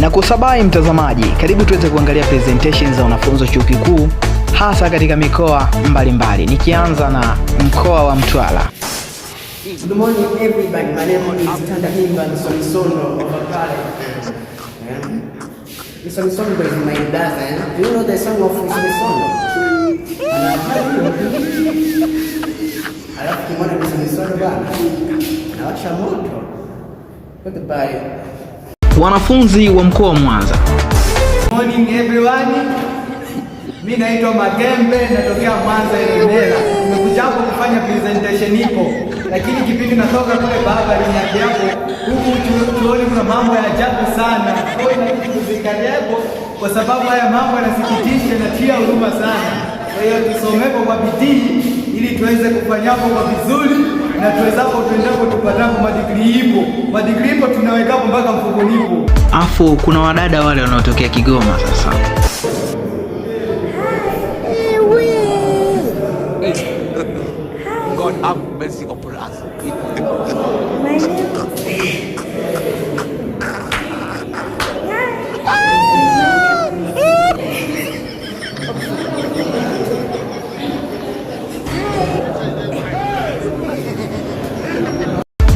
Na kusabai mtazamaji, karibu tuweze kuangalia presentation za wanafunzi wa chuo kikuu hasa katika mikoa mbalimbali, mbali. nikianza na mkoa wa Mtwara. Good morning everybody. My name is Tanda Himba Msonsondo of Kale. Msonsondo is my brother. Eh? Do you know the song of Msonsondo? Alafu kimwana Msonsondo bana. Nawasha moto. Goodbye wanafunzi wa mkoa wa Mwanza. Morning everyone. Mimi naitwa Magembe, natokea Mwanza Ilemela. Nimekuja hapo kufanya presentation ipo, lakini kipindi natoka kule baba aliniambia huku chuoni kuna mambo ya ajabu sana, nakiuzikaliako kwa sababu haya mambo yanasikitisha na tia huruma sana. Kwa hiyo tusomepo kwa bidii ili tuweze kufanyapo kwa vizuri na tuwezapo tuendapo tupatapo, madigrii ipo, madigrii ipo, tunawekapo mpaka mfuko lipo. Afu kuna wadada wale wanaotokea Kigoma sasa God have mercy upon us.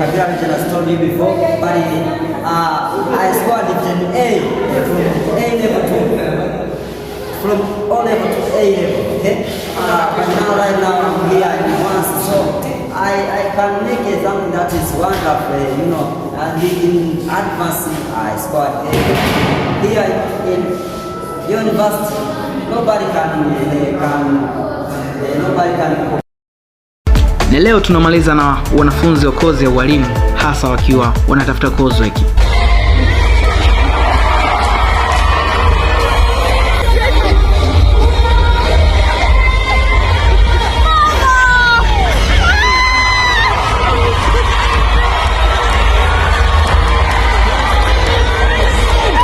I've graduated told story before, but it, uh, I scored an A from A level to from O level to A level. Okay, uh, now right now I'm here in once, so I, I can make it something that is wonderful, uh, you know. And in advance, I scored A. Here in university, nobody can uh, can uh, nobody can. Leo tunamaliza na wanafunzi wa kozi ya ualimu, hasa wakiwa wanatafuta kozi ya